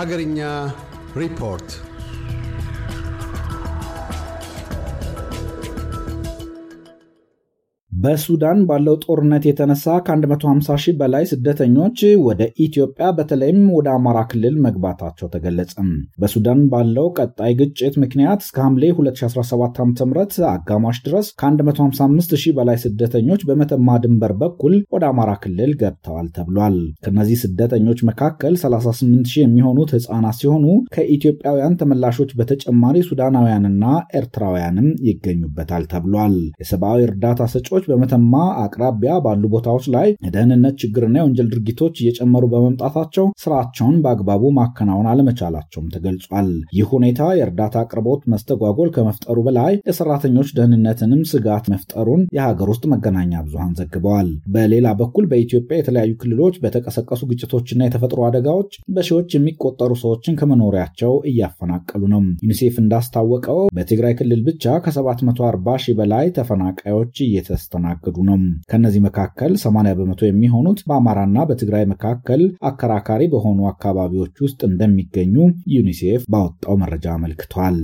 Hagarinya Report በሱዳን ባለው ጦርነት የተነሳ ከ150 ሺህ በላይ ስደተኞች ወደ ኢትዮጵያ በተለይም ወደ አማራ ክልል መግባታቸው ተገለጸ። በሱዳን ባለው ቀጣይ ግጭት ምክንያት እስከ ሐምሌ 2017 ዓ.ም አጋማሽ ድረስ ከ155 ሺህ በላይ ስደተኞች በመተማ ድንበር በኩል ወደ አማራ ክልል ገብተዋል ተብሏል። ከእነዚህ ስደተኞች መካከል 38 ሺህ የሚሆኑት ህፃናት ሲሆኑ ከኢትዮጵያውያን ተመላሾች በተጨማሪ ሱዳናውያንና ኤርትራውያንም ይገኙበታል ተብሏል። የሰብአዊ እርዳታ ሰጪዎች በመተማ አቅራቢያ ባሉ ቦታዎች ላይ የደህንነት ችግርና የወንጀል ድርጊቶች እየጨመሩ በመምጣታቸው ስራቸውን በአግባቡ ማከናወን አለመቻላቸውም ተገልጿል። ይህ ሁኔታ የእርዳታ አቅርቦት መስተጓጎል ከመፍጠሩ በላይ የሰራተኞች ደህንነትንም ስጋት መፍጠሩን የሀገር ውስጥ መገናኛ ብዙሃን ዘግበዋል። በሌላ በኩል በኢትዮጵያ የተለያዩ ክልሎች በተቀሰቀሱ ግጭቶችና የተፈጥሮ አደጋዎች በሺዎች የሚቆጠሩ ሰዎችን ከመኖሪያቸው እያፈናቀሉ ነው። ዩኒሴፍ እንዳስታወቀው በትግራይ ክልል ብቻ ከ740 ሺህ በላይ ተፈናቃዮች እየተስተ እያስተናገዱ ነው። ከእነዚህ መካከል 80 በመቶ የሚሆኑት በአማራና በትግራይ መካከል አከራካሪ በሆኑ አካባቢዎች ውስጥ እንደሚገኙ ዩኒሴፍ ባወጣው መረጃ አመልክቷል።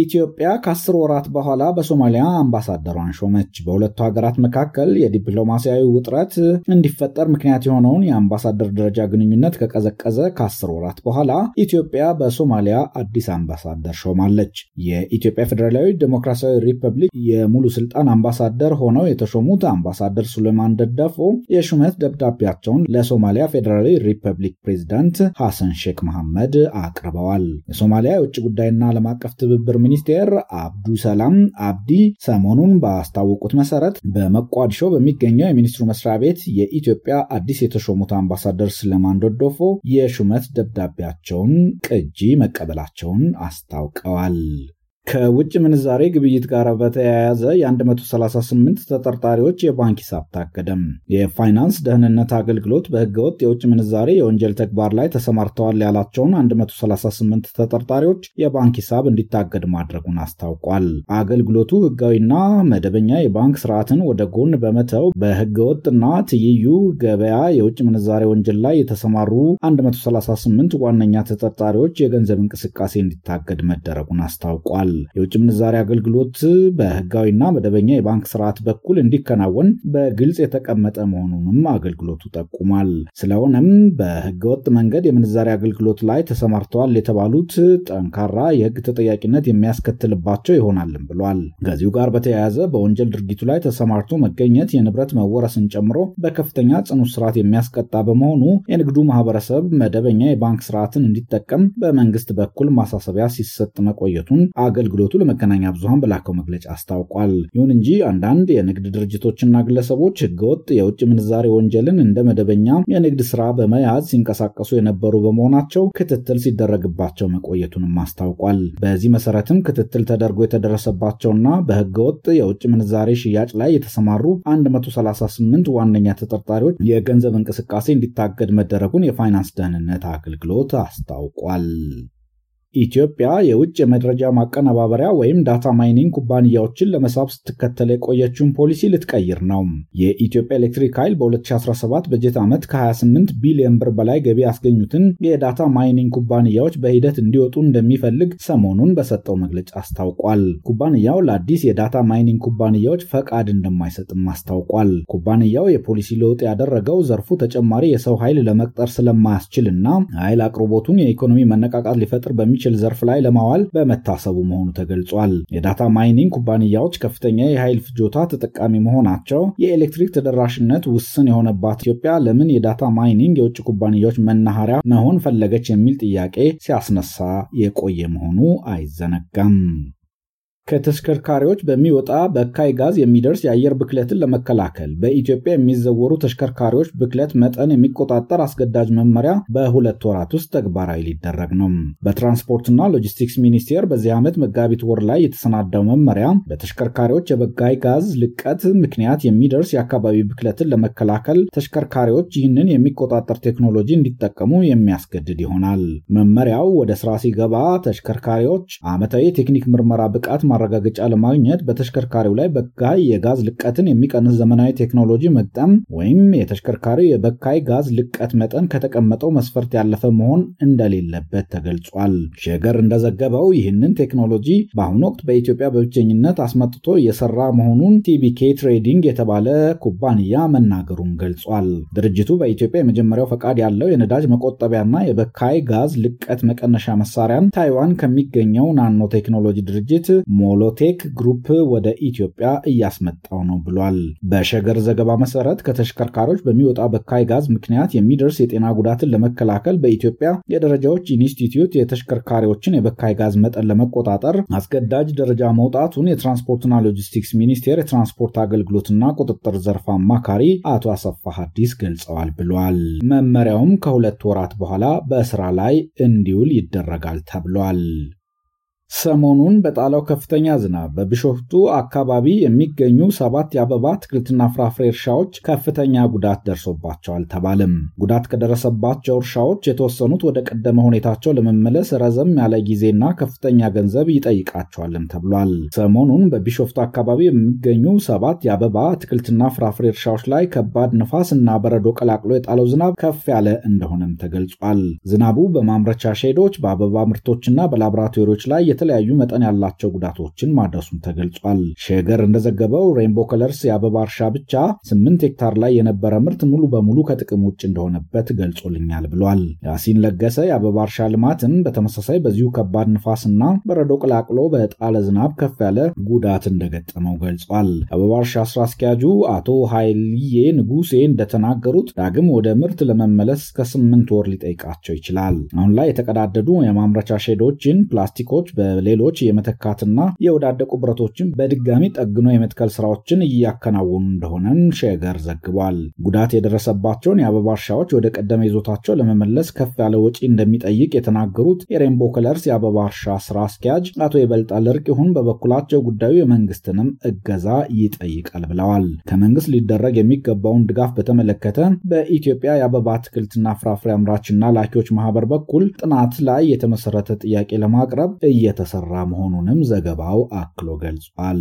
ኢትዮጵያ ከአስር ወራት በኋላ በሶማሊያ አምባሳደሯን ሾመች። በሁለቱ ሀገራት መካከል የዲፕሎማሲያዊ ውጥረት እንዲፈጠር ምክንያት የሆነውን የአምባሳደር ደረጃ ግንኙነት ከቀዘቀዘ ከአስር ወራት በኋላ ኢትዮጵያ በሶማሊያ አዲስ አምባሳደር ሾማለች። የኢትዮጵያ ፌዴራላዊ ዴሞክራሲያዊ ሪፐብሊክ የሙሉ ስልጣን አምባሳደር ሆነው የተሾሙት አምባሳደር ሱሌማን ደዳፎ የሹመት ደብዳቤያቸውን ለሶማሊያ ፌዴራላዊ ሪፐብሊክ ፕሬዚዳንት ሐሰን ሼክ መሐመድ አቅርበዋል። የሶማሊያ የውጭ ጉዳይና ዓለም አቀፍ ትብብር ሚኒስቴር አብዱ ሰላም አብዲ ሰሞኑን ባስታወቁት መሰረት በመቋድሾ በሚገኘው የሚኒስትሩ መስሪያ ቤት የኢትዮጵያ አዲስ የተሾሙት አምባሳደር ስለማን ዶዶፎ የሹመት ደብዳቤያቸውን ቅጂ መቀበላቸውን አስታውቀዋል። ከውጭ ምንዛሬ ግብይት ጋር በተያያዘ የ138 ተጠርጣሪዎች የባንክ ሂሳብ ታገደም። የፋይናንስ ደህንነት አገልግሎት በህገወጥ የውጭ ምንዛሬ የወንጀል ተግባር ላይ ተሰማርተዋል ያላቸውን 138 ተጠርጣሪዎች የባንክ ሂሳብ እንዲታገድ ማድረጉን አስታውቋል። አገልግሎቱ ህጋዊና መደበኛ የባንክ ስርዓትን ወደ ጎን በመተው በህገወጥና ትይዩ ገበያ የውጭ ምንዛሬ ወንጀል ላይ የተሰማሩ 138 ዋነኛ ተጠርጣሪዎች የገንዘብ እንቅስቃሴ እንዲታገድ መደረጉን አስታውቋል። ተናግረዋል። የውጭ ምንዛሪ አገልግሎት በህጋዊና መደበኛ የባንክ ስርዓት በኩል እንዲከናወን በግልጽ የተቀመጠ መሆኑንም አገልግሎቱ ጠቁሟል። ስለሆነም በህገወጥ መንገድ የምንዛሪ አገልግሎት ላይ ተሰማርተዋል የተባሉት ጠንካራ የህግ ተጠያቂነት የሚያስከትልባቸው ይሆናልም ብሏል። ከዚሁ ጋር በተያያዘ በወንጀል ድርጊቱ ላይ ተሰማርቶ መገኘት የንብረት መወረስን ጨምሮ በከፍተኛ ጽኑ ስርዓት የሚያስቀጣ በመሆኑ የንግዱ ማህበረሰብ መደበኛ የባንክ ስርዓትን እንዲጠቀም በመንግስት በኩል ማሳሰቢያ ሲሰጥ መቆየቱን አገ አገልግሎቱ ለመገናኛ ብዙሃን በላከው መግለጫ አስታውቋል። ይሁን እንጂ አንዳንድ የንግድ ድርጅቶችና ግለሰቦች ህገወጥ የውጭ ምንዛሬ ወንጀልን እንደ መደበኛ የንግድ ስራ በመያዝ ሲንቀሳቀሱ የነበሩ በመሆናቸው ክትትል ሲደረግባቸው መቆየቱንም አስታውቋል። በዚህ መሰረትም ክትትል ተደርጎ የተደረሰባቸውና በህገወጥ የውጭ ምንዛሬ ሽያጭ ላይ የተሰማሩ 138 ዋነኛ ተጠርጣሪዎች የገንዘብ እንቅስቃሴ እንዲታገድ መደረጉን የፋይናንስ ደህንነት አገልግሎት አስታውቋል። ኢትዮጵያ የውጭ የመረጃ ማቀነባበሪያ ወይም ዳታ ማይኒንግ ኩባንያዎችን ለመሳብ ስትከተል የቆየችውን ፖሊሲ ልትቀይር ነው። የኢትዮጵያ ኤሌክትሪክ ኃይል በ2017 በጀት ዓመት ከ28 ቢሊዮን ብር በላይ ገቢ ያስገኙትን የዳታ ማይኒንግ ኩባንያዎች በሂደት እንዲወጡ እንደሚፈልግ ሰሞኑን በሰጠው መግለጫ አስታውቋል። ኩባንያው ለአዲስ የዳታ ማይኒንግ ኩባንያዎች ፈቃድ እንደማይሰጥም አስታውቋል። ኩባንያው የፖሊሲ ለውጥ ያደረገው ዘርፉ ተጨማሪ የሰው ኃይል ለመቅጠር ስለማያስችል እና ኃይል አቅርቦቱን የኢኮኖሚ መነቃቃት ሊፈጥር በሚ በሚችል ዘርፍ ላይ ለማዋል በመታሰቡ መሆኑ ተገልጿል። የዳታ ማይኒንግ ኩባንያዎች ከፍተኛ የኃይል ፍጆታ ተጠቃሚ መሆናቸው የኤሌክትሪክ ተደራሽነት ውስን የሆነባት ኢትዮጵያ ለምን የዳታ ማይኒንግ የውጭ ኩባንያዎች መናኸሪያ መሆን ፈለገች የሚል ጥያቄ ሲያስነሳ የቆየ መሆኑ አይዘነጋም። ከተሽከርካሪዎች በሚወጣ በካይ ጋዝ የሚደርስ የአየር ብክለትን ለመከላከል በኢትዮጵያ የሚዘወሩ ተሽከርካሪዎች ብክለት መጠን የሚቆጣጠር አስገዳጅ መመሪያ በሁለት ወራት ውስጥ ተግባራዊ ሊደረግ ነው። በትራንስፖርትና ሎጂስቲክስ ሚኒስቴር በዚህ ዓመት መጋቢት ወር ላይ የተሰናዳው መመሪያ በተሽከርካሪዎች የበካይ ጋዝ ልቀት ምክንያት የሚደርስ የአካባቢ ብክለትን ለመከላከል ተሽከርካሪዎች ይህንን የሚቆጣጠር ቴክኖሎጂ እንዲጠቀሙ የሚያስገድድ ይሆናል። መመሪያው ወደ ስራ ሲገባ ተሽከርካሪዎች ዓመታዊ የቴክኒክ ምርመራ ብቃት ማረጋገጫ ለማግኘት በተሽከርካሪው ላይ በካይ የጋዝ ልቀትን የሚቀንስ ዘመናዊ ቴክኖሎጂ መግጠም ወይም የተሽከርካሪው የበካይ ጋዝ ልቀት መጠን ከተቀመጠው መስፈርት ያለፈ መሆን እንደሌለበት ተገልጿል። ሸገር እንደዘገበው ይህንን ቴክኖሎጂ በአሁኑ ወቅት በኢትዮጵያ በብቸኝነት አስመጥቶ እየሰራ መሆኑን ቲቢኬ ትሬዲንግ የተባለ ኩባንያ መናገሩን ገልጿል። ድርጅቱ በኢትዮጵያ የመጀመሪያው ፈቃድ ያለው የነዳጅ መቆጠቢያና የበካይ ጋዝ ልቀት መቀነሻ መሳሪያን ታይዋን ከሚገኘው ናኖ ቴክኖሎጂ ድርጅት ሞሎቴክ ግሩፕ ወደ ኢትዮጵያ እያስመጣው ነው ብሏል። በሸገር ዘገባ መሰረት ከተሽከርካሪዎች በሚወጣ በካይ ጋዝ ምክንያት የሚደርስ የጤና ጉዳትን ለመከላከል በኢትዮጵያ የደረጃዎች ኢንስቲትዩት የተሽከርካሪዎችን የበካይ ጋዝ መጠን ለመቆጣጠር አስገዳጅ ደረጃ መውጣቱን የትራንስፖርትና ሎጂስቲክስ ሚኒስቴር የትራንስፖርት አገልግሎትና ቁጥጥር ዘርፍ አማካሪ አቶ አሰፋ ሀዲስ ገልጸዋል ብሏል። መመሪያውም ከሁለት ወራት በኋላ በስራ ላይ እንዲውል ይደረጋል ተብሏል። ሰሞኑን በጣለው ከፍተኛ ዝናብ በቢሾፍቱ አካባቢ የሚገኙ ሰባት የአበባ አትክልትና ፍራፍሬ እርሻዎች ከፍተኛ ጉዳት ደርሶባቸዋል ተባለም። ጉዳት ከደረሰባቸው እርሻዎች የተወሰኑት ወደ ቀደመ ሁኔታቸው ለመመለስ ረዘም ያለ ጊዜና ከፍተኛ ገንዘብ ይጠይቃቸዋልም ተብሏል። ሰሞኑን በቢሾፍቱ አካባቢ የሚገኙ ሰባት የአበባ አትክልትና ፍራፍሬ እርሻዎች ላይ ከባድ ነፋስ እና በረዶ ቀላቅሎ የጣለው ዝናብ ከፍ ያለ እንደሆነም ተገልጿል። ዝናቡ በማምረቻ ሼዶች፣ በአበባ ምርቶችና በላቦራቶሪዎች ላይ የተለያዩ መጠን ያላቸው ጉዳቶችን ማድረሱን ተገልጿል። ሸገር እንደዘገበው ሬንቦ ከለርስ የአበባ እርሻ ብቻ 8 ሄክታር ላይ የነበረ ምርት ሙሉ በሙሉ ከጥቅም ውጭ እንደሆነበት ገልጾልኛል ብሏል። ያሲን ለገሰ የአበባ እርሻ ልማትን በተመሳሳይ በዚሁ ከባድ ንፋስና በረዶ ቀላቅሎ በጣለ ዝናብ ከፍ ያለ ጉዳት እንደገጠመው ገልጿል። አበባ እርሻ ስራ አስኪያጁ አቶ ሀይልዬ ንጉሴ እንደተናገሩት ዳግም ወደ ምርት ለመመለስ ከስምንት ወር ሊጠይቃቸው ይችላል። አሁን ላይ የተቀዳደዱ የማምረቻ ሼዶችን ፕላስቲኮች በ ሌሎች የመተካትና የወዳደቁ ብረቶችን በድጋሚ ጠግኖ የመትከል ስራዎችን እያከናወኑ እንደሆነም ሸገር ዘግቧል። ጉዳት የደረሰባቸውን የአበባ እርሻዎች ወደ ቀደመ ይዞታቸው ለመመለስ ከፍ ያለ ወጪ እንደሚጠይቅ የተናገሩት የሬንቦ ከለርስ የአበባ እርሻ ስራ አስኪያጅ አቶ የበልጣል እርቅሁን በበኩላቸው ጉዳዩ የመንግስትንም እገዛ ይጠይቃል ብለዋል። ከመንግስት ሊደረግ የሚገባውን ድጋፍ በተመለከተ በኢትዮጵያ የአበባ አትክልትና ፍራፍሬ አምራችና ላኪዎች ማህበር በኩል ጥናት ላይ የተመሰረተ ጥያቄ ለማቅረብ እየተ የተሰራ መሆኑንም ዘገባው አክሎ ገልጿል።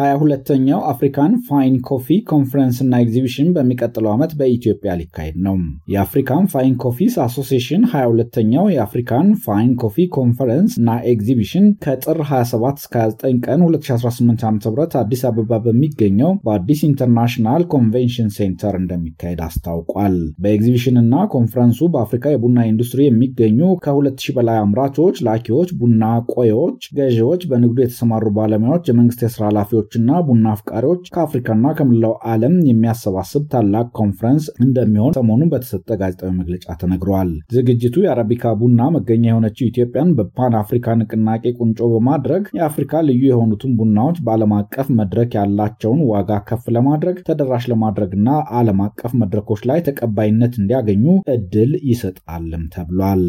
ሀያ ሁለተኛው አፍሪካን ፋይን ኮፊ ኮንፈረንስ እና ኤግዚቢሽን በሚቀጥለው ዓመት በኢትዮጵያ ሊካሄድ ነው። የአፍሪካን ፋይን ኮፊስ አሶሲሽን 22 ሁለተኛው የአፍሪካን ፋይን ኮፊ ኮንፈረንስ እና ኤግዚቢሽን ከጥር 27 እስከ 29 ቀን 2018 ዓ ም አዲስ አበባ በሚገኘው በአዲስ ኢንተርናሽናል ኮንቬንሽን ሴንተር እንደሚካሄድ አስታውቋል። በኤግዚቢሽን እና ኮንፈረንሱ በአፍሪካ የቡና ኢንዱስትሪ የሚገኙ ከ2000 በላይ አምራቾች፣ ላኪዎች፣ ቡና ቆዮች፣ ገዢዎች፣ በንግዱ የተሰማሩ ባለሙያዎች፣ የመንግስት የስራ ኃላፊዎች ወዳጆችና ቡና አፍቃሪዎች ከአፍሪካና ከመላው ዓለም የሚያሰባስብ ታላቅ ኮንፈረንስ እንደሚሆን ሰሞኑን በተሰጠ ጋዜጣዊ መግለጫ ተነግሯል። ዝግጅቱ የአረቢካ ቡና መገኛ የሆነችው ኢትዮጵያን በፓን አፍሪካ ንቅናቄ ቁንጮ በማድረግ የአፍሪካ ልዩ የሆኑትን ቡናዎች በዓለም አቀፍ መድረክ ያላቸውን ዋጋ ከፍ ለማድረግ ተደራሽ ለማድረግና ዓለም አቀፍ መድረኮች ላይ ተቀባይነት እንዲያገኙ እድል ይሰጣልም ተብሏል።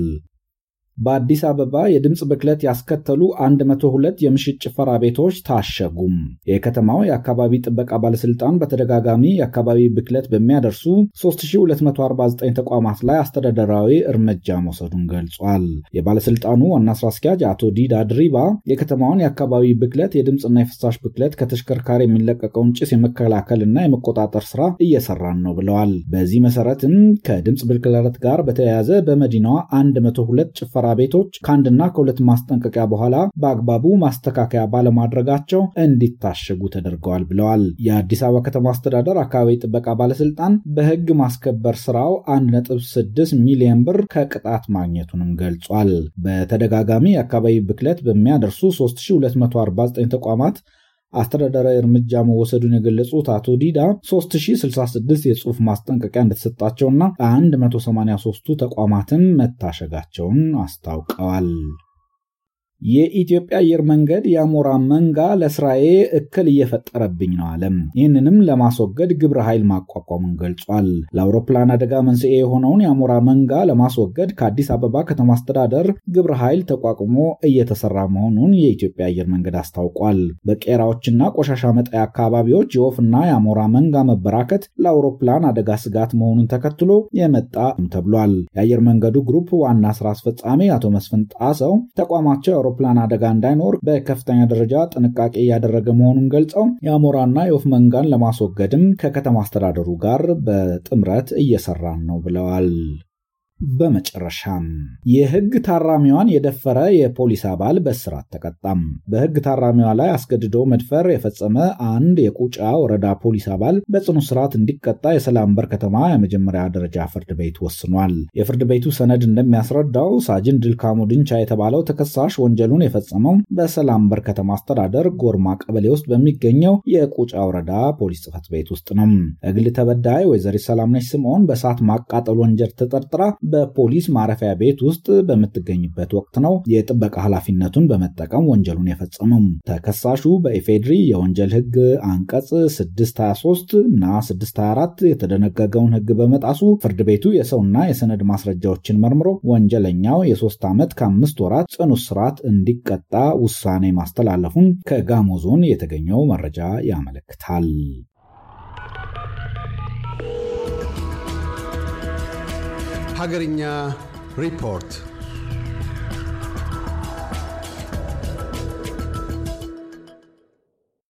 በአዲስ አበባ የድምፅ ብክለት ያስከተሉ 102 የምሽት ጭፈራ ቤቶች ታሸጉም። የከተማው የአካባቢ ጥበቃ ባለስልጣን በተደጋጋሚ የአካባቢ ብክለት በሚያደርሱ 3249 ተቋማት ላይ አስተዳደራዊ እርምጃ መውሰዱን ገልጿል። የባለስልጣኑ ዋና ስራ አስኪያጅ አቶ ዲዳ ድሪባ የከተማውን የአካባቢ ብክለት፣ የድምፅና የፍሳሽ ብክለት፣ ከተሽከርካሪ የሚለቀቀውን ጭስ የመከላከል እና የመቆጣጠር ስራ እየሰራን ነው ብለዋል። በዚህ መሰረትም ከድምፅ ብክለት ጋር በተያያዘ በመዲናዋ 102 ጭፈራ መስሪያ ቤቶች ከአንድና ከሁለት ማስጠንቀቂያ በኋላ በአግባቡ ማስተካከያ ባለማድረጋቸው እንዲታሸጉ ተደርገዋል ብለዋል። የአዲስ አበባ ከተማ አስተዳደር አካባቢ ጥበቃ ባለስልጣን በህግ ማስከበር ስራው 1.6 ሚሊዮን ብር ከቅጣት ማግኘቱንም ገልጿል። በተደጋጋሚ የአካባቢ ብክለት በሚያደርሱ 3249 ተቋማት አስተዳደራዊ እርምጃ መወሰዱን የገለጹት አቶ ዲዳ 3066 የጽሁፍ ማስጠንቀቂያ እንደተሰጣቸውና 183ቱ ተቋማትን መታሸጋቸውን አስታውቀዋል። የኢትዮጵያ አየር መንገድ የአሞራ መንጋ ለስራዬ እክል እየፈጠረብኝ ነው አለም። ይህንንም ለማስወገድ ግብረ ኃይል ማቋቋሙን ገልጿል። ለአውሮፕላን አደጋ መንስኤ የሆነውን የአሞራ መንጋ ለማስወገድ ከአዲስ አበባ ከተማ አስተዳደር ግብረ ኃይል ተቋቁሞ እየተሰራ መሆኑን የኢትዮጵያ አየር መንገድ አስታውቋል። በቄራዎችና ቆሻሻ መጣያ አካባቢዎች የወፍና የአሞራ መንጋ መበራከት ለአውሮፕላን አደጋ ስጋት መሆኑን ተከትሎ የመጣ ተብሏል። የአየር መንገዱ ግሩፕ ዋና ስራ አስፈጻሚ አቶ መስፍን ጣሰው ተቋማቸው አውሮፕላን አደጋ እንዳይኖር በከፍተኛ ደረጃ ጥንቃቄ እያደረገ መሆኑን ገልጸው የአሞራና የወፍ መንጋን ለማስወገድም ከከተማ አስተዳደሩ ጋር በጥምረት እየሰራን ነው ብለዋል። በመጨረሻም የህግ ታራሚዋን የደፈረ የፖሊስ አባል በስራት ተቀጣም። በህግ ታራሚዋ ላይ አስገድዶ መድፈር የፈጸመ አንድ የቁጫ ወረዳ ፖሊስ አባል በጽኑ ስርዓት እንዲቀጣ የሰላምበር ከተማ የመጀመሪያ ደረጃ ፍርድ ቤት ወስኗል። የፍርድ ቤቱ ሰነድ እንደሚያስረዳው ሳጅን ድልካሙ ድንቻ የተባለው ተከሳሽ ወንጀሉን የፈጸመው በሰላምበር ከተማ አስተዳደር ጎርማ ቀበሌ ውስጥ በሚገኘው የቁጫ ወረዳ ፖሊስ ጽፈት ቤት ውስጥ ነው። እግል ተበዳይ ወይዘሪት ሰላምነሽ ስምዖን በእሳት ማቃጠል ወንጀል ተጠርጥራ በፖሊስ ማረፊያ ቤት ውስጥ በምትገኝበት ወቅት ነው የጥበቃ ኃላፊነቱን በመጠቀም ወንጀሉን የፈጸመም። ተከሳሹ በኢፌድሪ የወንጀል ህግ አንቀጽ 623 እና 624 የተደነገገውን ህግ በመጣሱ ፍርድ ቤቱ የሰውና የሰነድ ማስረጃዎችን መርምሮ ወንጀለኛው የሶስት ዓመት ከአምስት ወራት ጽኑ እስራት እንዲቀጣ ውሳኔ ማስተላለፉን ከጋሞ ዞን የተገኘው መረጃ ያመለክታል። Hagarinya Report